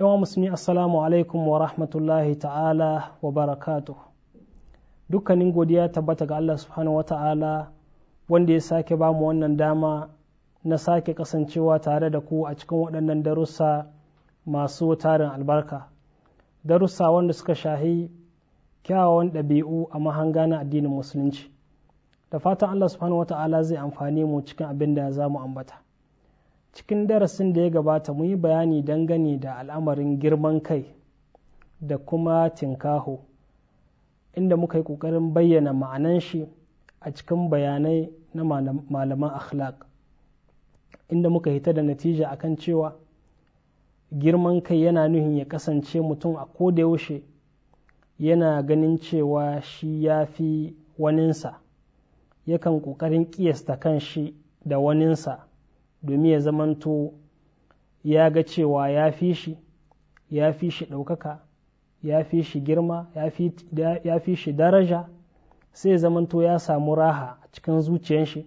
yawan musulmi assalamu alaikum wa rahmatullahi ta'ala wa barakatu dukkanin godiya tabbata ga Allah subhanahu wa ta'ala wanda ya sake ba mu wannan dama na sake kasancewa tare da ku a cikin waɗannan darussa masu tarin albarka darussa wanda suka shahi kyawawan ɗabi'u a mahanga na addinin musulunci da fatan Allah subhanahu wa ta'ala zai amfani mu cikin abin da za mu ambata cikin darasin da ya gabata mu yi bayani dangane da al'amarin girman kai da kuma tinkaho inda muka yi ƙoƙarin bayyana ma'anan shi a cikin bayanai na malaman akhlaq inda muka hita da natija akan cewa girman kai yana nuhin ya kasance mutum a yaushe yana ganin cewa shi ya fi waninsa yakan ƙoƙarin ƙiyasta kan shi da waninsa domin ya zamanto ya ga cewa ya fi shi ya fi shi ɗaukaka ya fi shi girma ya fi shi daraja sai zamanto ya samu raha a cikin zuciyar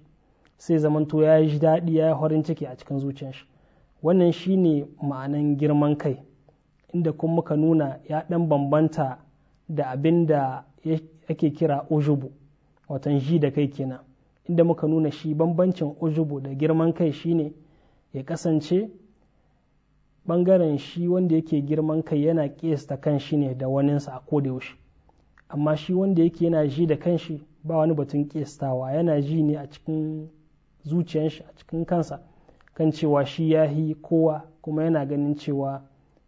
sai zamanto ya ji daɗi ya yi horin ciki a cikin zuciyar shi wannan shine ma'anan girman kai inda kuma muka nuna ya ɗan bambanta da abin da ake kira ujubu watan ji da kai kenan inda muka nuna shi bambancin ujubu da girman kai shine ya kasance bangaren shi wanda yake girman kai yana kesta kan shi ne da waninsa a koda yaushe amma shi wanda yake yana ji da kanshi ba wani batun kestawa. yana ji ne a cikin shi a cikin kansa kan cewa shi ya yi kowa kuma yana ganin cewa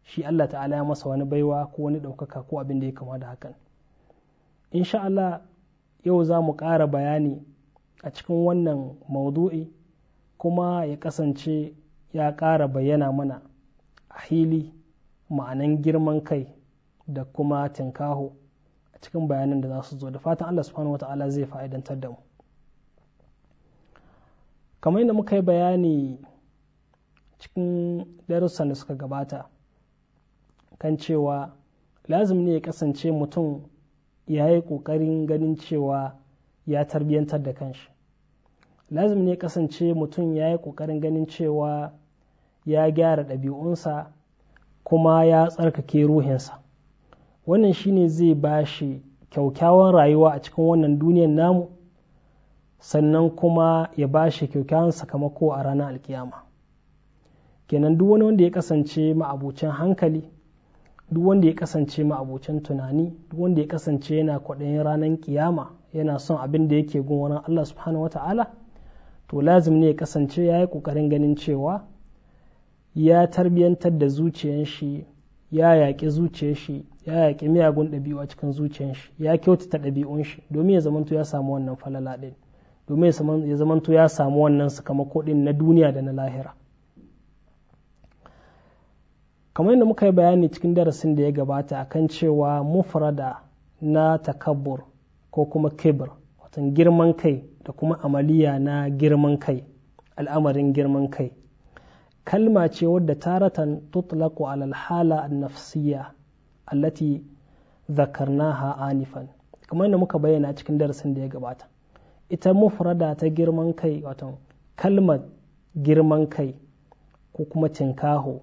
shi Allah ta'ala ya masa wani baiwa ko wani ɗaukaka ko abin da ya kama da hakan insha Allah yau za mu ƙara bayani a cikin wannan maudu'i kuma ya kasance ya ƙara bayyana mana a hili ma'anan girman kai da kuma tinkaho a cikin bayanan da za su zo da fatan Allah subhanahu wa ta'ala zai fa'idantar da mu kamar yadda muka yi bayani cikin darussan da suka gabata kan cewa lazim ne ya kasance mutum ya yi ƙoƙarin ganin cewa ya tarbiyantar da kanshi lazim ne kasance mutum ya yi ƙoƙarin ganin cewa ya gyara ɗabi'unsa kuma ya tsarkake ruhinsa wannan shine zai ba shi kyaukyawan rayuwa a cikin wannan duniyar namu sannan kuma ya ba shi kyaukyawan sakamako a ranar alkiyama kenan duk wani wanda ya kasance ma'abucin hankali duk wanda ya kasance ma'abucin tunani duk wanda ya kasance yana kwaɗayin ranar kiyama yana son abin da yake gun wurin Allah subhanahu wa ta'ala to lazim ne ya kasance ya yi ƙoƙarin ganin cewa ya tarbiyantar da zuciyan shi ya yaƙi zuciyar shi ya yaƙi miyagun ɗabi'u a cikin zuciyar shi ya kyautata ɗabi'un shi domin ya zamanto ya samu wannan falala ɗin domin ya zamanto ya samu wannan sakamako ɗin na duniya da na lahira kamar yadda muka yi bayani cikin darasin da ya gabata akan cewa mufrada na takabbur ko kuma kibir watan girman kai da kuma amaliya na girman kai al'amarin girman kai kalma ce wadda taratan tutlaqu ala alhala an-nafsiyya allati zakarnaha anifan kamar da muka bayyana cikin darasin da ya gabata ita mufrada ta girman kai wato kalmar girman kai ko kuma cinkaho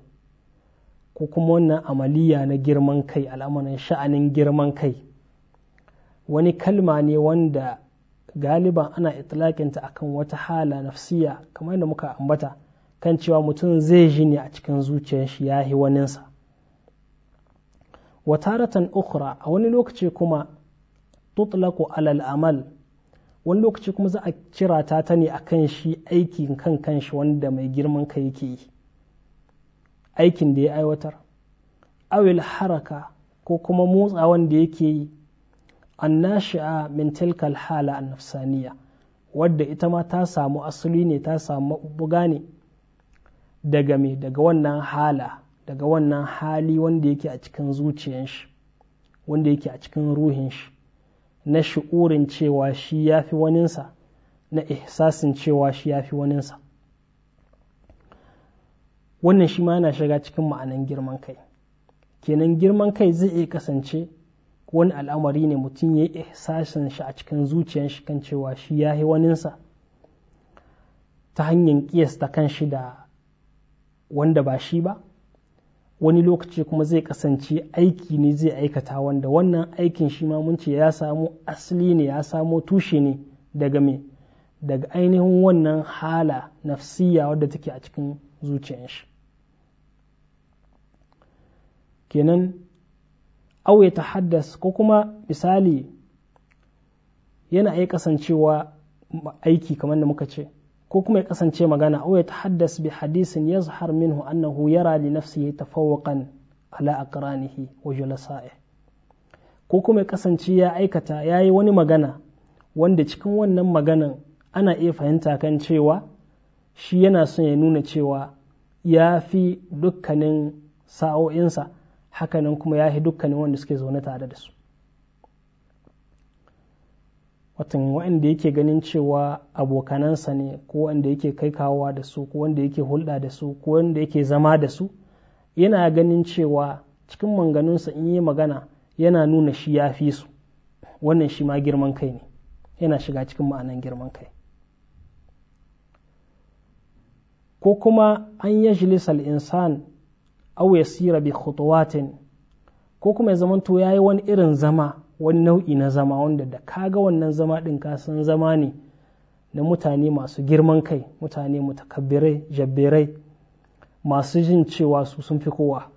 ko kuma wannan amaliya na girman kai al'amarin sha'anin girman kai wani kalma ne wanda galiban ana itlaƙinta kan wata hala nafsiya kamar yadda muka ambata kan cewa mutum zai ji ne a cikin zuciyar shi ya yi waninsa wataratan ukura, a wani lokaci kuma tutlaku alal amal wani lokaci kuma za a kira ta ta ne akan shi aikin kan kanshi wanda mai girman ka yake yi aikin da ya aiwatar awil haraka ko kuma motsa wanda yake yi annashi'a min tilkal hala annafsaniya wadda ita ma ta samu asali ne ta samu buga ne daga me daga wannan hala daga wannan hali wanda yake a cikin zuciyar shi wanda yake a cikin ruhin shi na shi'urin cewa shi ya fi waninsa na ihsasin cewa shi ya fi waninsa wannan shi ma yana shiga cikin ma'anan girman kai kenan girman kai zai iya kasance wani al'amari ne mutum ya yi ihsasin shi a cikin zuciyar shi kan cewa shi ya yi waninsa ta hanyar kiyasta kan shi da wanda ba shi ba wani lokaci kuma zai kasance aiki ne zai aikata wanda wannan aikin shi ma mun ce ya samo asali ne ya samo tushe ne daga me daga ainihin wannan hala nafsiya wadda take a cikin zuciyar shi kenan au ya haddas ko kuma misali yana iya kasancewa aiki kamar da muka ce ko kuma ya kasance magana au ya haddas bi hadisin ya yazhar minhu annahu yara li ta fawakan ala aqranihi wa sa'e. ko kuma ya kasance ya aikata ya yi wani magana wanda cikin wannan maganan ana iya fahimta kan cewa shi yana son ya nuna cewa ya fi dukkanin sa'o'insa hakanan kuma ya dukkanin wanda suke zaune tare da su watan wanda yake ganin cewa abokanansa ne ko wanda yake kai kawowa da su ko wanda yake hulɗa da su ko wanda yake zama da su yana ganin cewa cikin manganunsa in yi magana yana nuna shi ya fi su wannan shi ma girman kai ne yana shiga cikin ma'anan girman kai ko kuma an yajlis al-insan aw yasira bi khutuwatin ko kuma ya to yayi wani irin zama wani nau'i na zama wanda da kaga wannan zama din ka san zama ne na mutane masu girman kai mutane mutakabbirai jabbirai masu jin cewa su sun fi kowa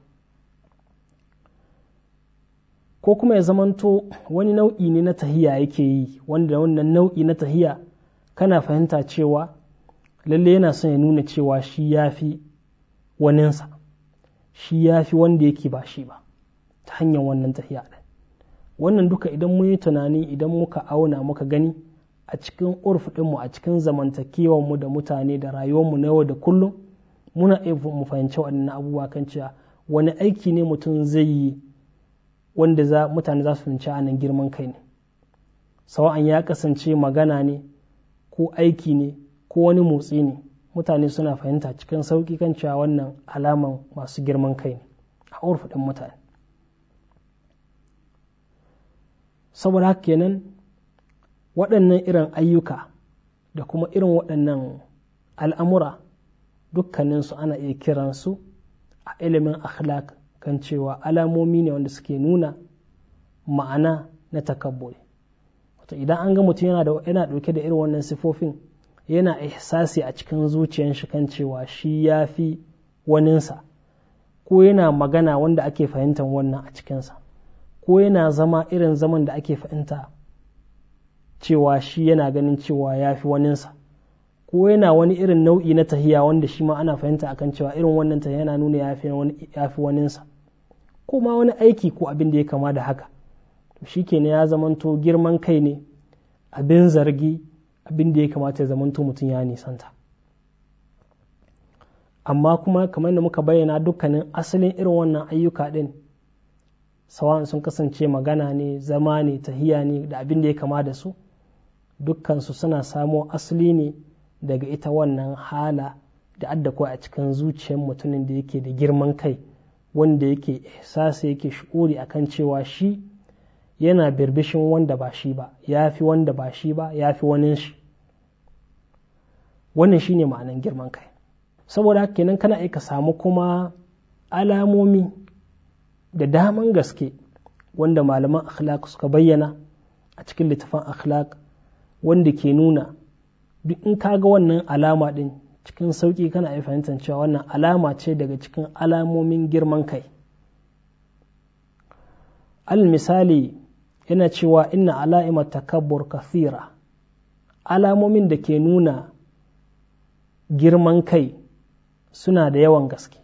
ko kuma ya zamanto wani nau'i ne na tahiya yake yi wanda wannan nau'i na tahiya kana fahimta cewa lalle yana son ya nuna cewa shi ya fi waninsa shi ya fi wanda yake ba shi ba ta hanyar wannan tafiya. ɗin wannan duka idan mun yi tunani idan muka auna muka gani a cikin urf ɗinmu a cikin zamantakewarmu da mutane da rayuwarmu na yau da kullum muna iya mu fahimci waɗannan abubuwa kan cewa wani aiki ne mutum zai yi wanda mutane za su fahimci a nan girman kai ne sawa'an ya kasance magana ne ko aiki ne ko wani motsi ne mutane suna fahimta cikin sauƙi kan cewa wannan alaman masu girman kai ne a urfi mutane saboda haka kenan waɗannan irin ayyuka da kuma irin waɗannan al'amura dukkaninsu ana iya kiransu a ilimin akhlaq kan cewa alamomi ne wanda suke nuna ma'ana na takabburi wato idan an ga mutum yana ɗauke da irin wannan sifofin yana ihsasi a cikin zuciyan shi kan cewa shi ya fi waninsa ko yana magana wanda ake fahimtar wannan a cikinsa ko yana zama irin zaman da ake fahimta cewa shi yana ganin cewa ya fi waninsa ko yana wani irin nau'i na tahiya wanda shi ma ana fahimta akan cewa irin wannan tahiya yana nuna ya fi waninsa ko ma wani aiki ko abin da ya kama da haka to shikenan ya zamanto girman kai ne abin zargi abin da ya kamata ya zamanto mutum ya nisanta amma kuma kamar da muka bayyana dukkanin asalin irin wannan ayyuka ɗin sawan sun kasance magana ne zama ne tahiya ne da abin da ya kama da su dukkansu suna samo asali ne daga ita wannan hala da adda a cikin zuciyar mutumin da yake da girman kai wanda yake ihsasa yake shi'uri kan cewa shi yana birbishin wanda ba shi ba ya fi wanda ba shi ba ya fi wani shi wannan shine ma'anan girman kai saboda haka kenan kana aika samu kuma alamomi da daman gaske wanda malaman akhlaq suka bayyana a cikin littafin akhlaq wanda ke nuna duk in ka ga wannan alama din cikin sauki kana iya fahimtar cewa wannan alama ce daga cikin alamomin girman kai al misali yana cewa inna ala'imar takabbur kathira alamomin da ke nuna girman kai suna da yawan gaske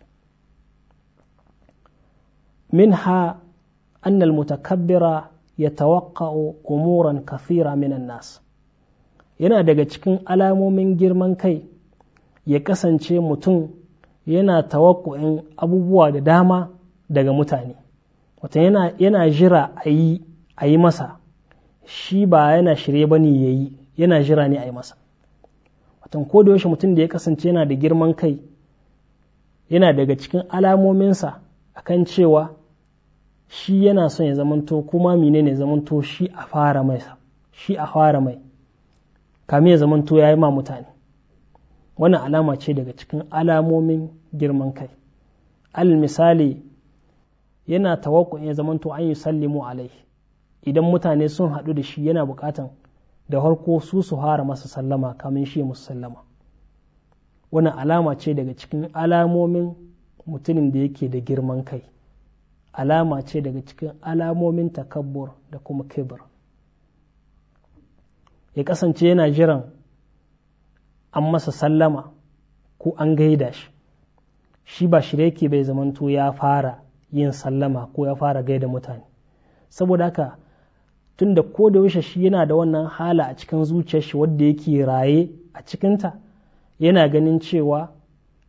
Min ha minha mutakabbira ya tawakka'o umuran kafira minan nas? yana daga cikin alamomin girman kai ya kasance mutum yana tawakku'in abubuwa da dama daga mutane wata yana, jira a yi masa shi ba yana shirye ba ne ya yi yana jira ne a yi masa watan ko da yaushe mutum da ya kasance yana da girman kai yana daga cikin alamominsa akan cewa shi yana son ya zamanto kuma mine ne zamanto shi a fara mai shi a fara mai kame ya zamanto ya yi ma mutane wannan alama ce daga cikin alamomin girman kai al misali yana tawakkun ya zamanto an yi sallimu alai idan mutane sun haɗu da shi yana bukatan da harko su su hara masa sallama kamin shi musu sallama wannan alama ce daga cikin alamomin mutumin da yake da girman kai alama ce daga cikin alamomin takabbur da kuma kibir ya kasance yana jiran an masa sallama ko an gaida shi shi ba shi yake bai zamanto ya fara yin sallama ko ya fara gaida mutane saboda haka tunda ko da yaushe shi yana da wannan hala a cikin zuciyar shi wadda yake raye a cikinta yana ganin cewa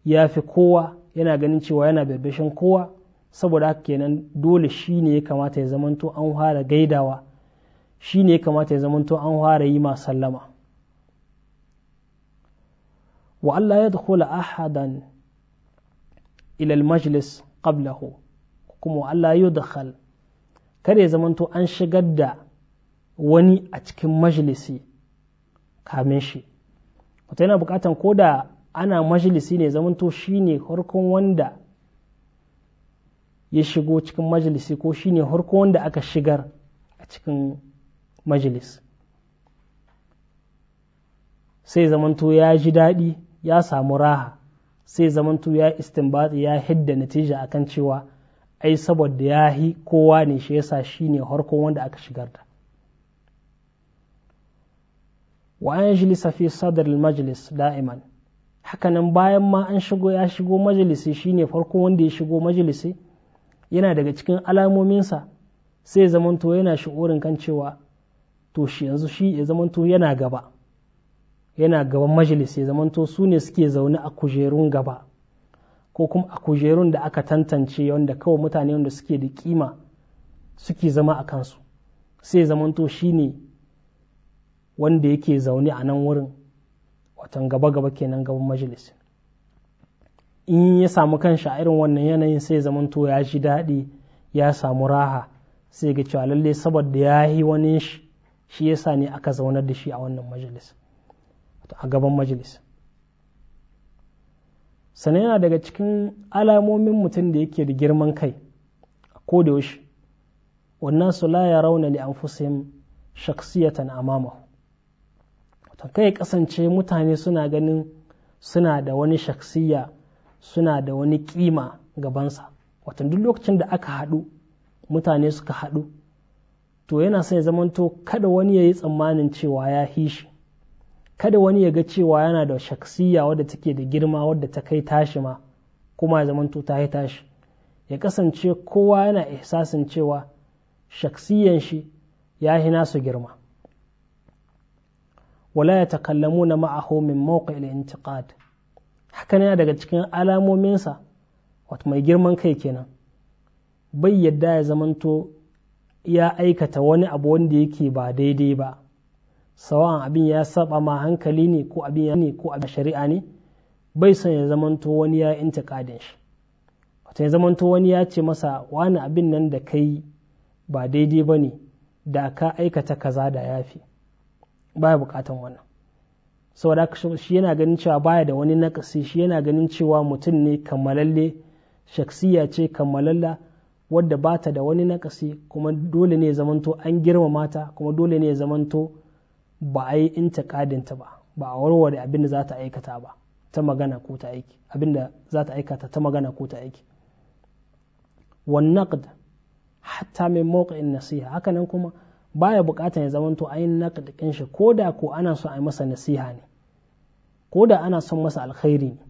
ya fi kowa yana ganin cewa yana babbashin kowa saboda haka kenan dole shi ne ya kamata ya zamanto an fara gaidawa shi ne ya kamata ya zamanto an fara yi ma sallama wa Allah ya dukula ahadan ilal majlis qablahu kuma Allah ya dukhal kada ya zamanto an shigar da wani a cikin majalisi kamin shi wata yana bukatan ko da ana majalisi ne zamanto shi ne harkon wanda ya shigo cikin majalisi ko shi ne harkon wanda aka shigar a cikin majalis sai zamanto ya ji daɗi ya samu raha sai zamanto ya istinbati ya hidda natija akan cewa ai saboda ya hi kowa ne shi yasa shi ne harkon wanda aka shigar da wa an jilisa fi sadar majlis da'iman hakanan bayan ma an shigo ya shigo majalisi shine farko wanda ya shigo majalisi yana daga cikin alamominsa sai zamanto yana shi'urin kan cewa to shi yanzu shi ya zamanto yana gaba yana gaban majalisi ya zamanto su ne suke zaune a kujerun gaba ko kuma a kujerun da aka tantance wanda kawai mutane wanda suke da kima suke zama a kansu sai zamanto shi ne wanda yake zaune a nan wurin watan gaba-gaba kenan gaban majalis in ya samu kanshi a irin wannan yanayin sai zamanto ya ji daɗi ya samu raha sai ga cewa lalle saboda ya yi wani shi ya yasa ne aka zaunar da shi a wannan majalis a gaban majalis sannan yana daga cikin alamomin mutum da yake da girman kai a kodayaushe wannan su la ya rauna li anfusihim shaksiyatan amamahu ta kai kasance mutane suna ganin suna da wani shaksiya suna da wani kima gabansa watan duk lokacin da aka haɗu mutane suka haɗu to yana so ya zamanto kada wani ya yi tsammanin cewa ya hishi kada wani ya ga cewa yana da shaksiya wadda take da girma wadda ta kai tashi ma kuma ya zamanto ta yi tashi ya kasance kowa yana ihsasin cewa shaksiyan shi ya hina su girma wala ya takallamu na ma'ahu min mawqi al haka yana daga cikin alamominsa wato mai girman kai kenan bai yadda ya zamanto ya aikata wani abu wanda yake ba daidai ba sawa'an abin ya saba ma hankali ne ko abin ya ne ko a shari'a ne bai son ya zamanto wani ya intiqadin shi wato ya zamanto wani ya ce masa wani abin nan da kai ba daidai bane ne da ka aikata kaza da yafi baya bukatan wannan saboda shi yana ganin cewa baya da wani nakasi shi yana ganin cewa mutum ne kammalalle shaksiya ce kammalalla wadda ba ta da wani nakasi kuma dole ne zamanto an girmama ta kuma dole ne zamanto ba a yi kadinta ba ba a warware abin da za ta aikata ba ta magana ko ta aiki abin da za ta aikata ta magana ko ta aiki wannan hatta min mawqi nasiha hakanan kuma baya bukatar ya zamanto ainihin na kadakin shi ko da ko ana son a yi masa nasiha ne ko da ana son masa alkhairi ne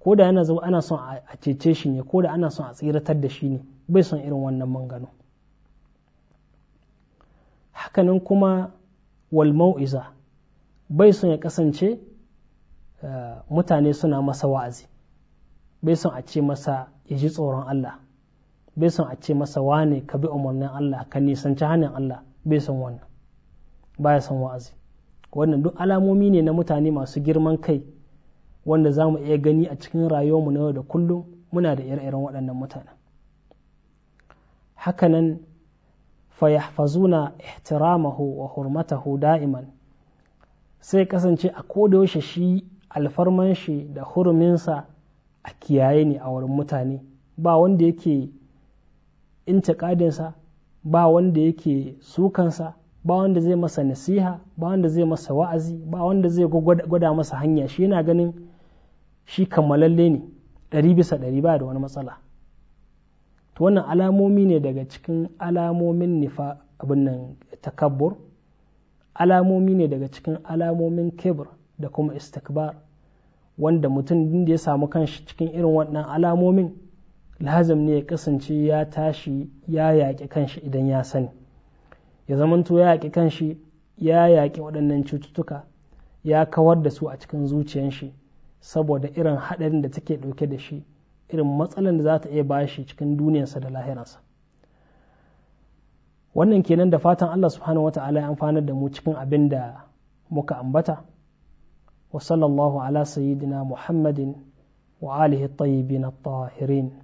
ko da yana ana son a cece shi ne ko da ana son a tsiratar da shi ne bai son irin wannan mangano hakanan kuma wal mau'iza bai son ya kasance eh, mutane suna masa wa'azi bai son a ce masa ya ji tsoron Allah bai son a ce masa wane ka bi umarnin Allah ka nisanci hannun Allah bai son wannan baya son wa'azi wannan duk alamomi ne na mutane masu girman kai wanda za mu iya gani a cikin rayuwarmu na yau da kullum muna da ire-iren waɗannan mutanen hakanan fayahfazuna ihtiramahu wa hurmatahu da'iman sai kasance a kodayaushe shi alfarman shi da huruminsa a kiyaye ne a wurin mutane ba wanda yake intiƙadinsa ba wanda yake sukansa ba wanda zai masa nasiha ba wanda zai masa wa'azi ba wanda zai gwada masa hanya shi yana ganin shi kammalalle ne ɗari bisa ɗari ba da wani matsala to wannan alamomi ne daga cikin alamomin nifa abin nan takabbur alamomi ne daga cikin alamomin kebur da kuma istikbar wanda mutum da ya samu kanshi cikin irin waɗannan alamomin lazim ne ya kasance ya tashi ya yaƙi kanshi idan ya sani ya zamanto ya yaƙi kanshi ya yaƙi waɗannan cututtuka ya kawar da su a cikin zuciyanshi saboda irin haɗarin da take ɗauke da shi irin matsalan da za ta iya bashi cikin duniyarsa da lahiransa wannan kenan da fatan Allah subhanahu wa ta'ala ya amfanar da mu cikin abin da muka ambata wa sallallahu ala sayyidina muhammadin wa alihi tayyibin at-tahirin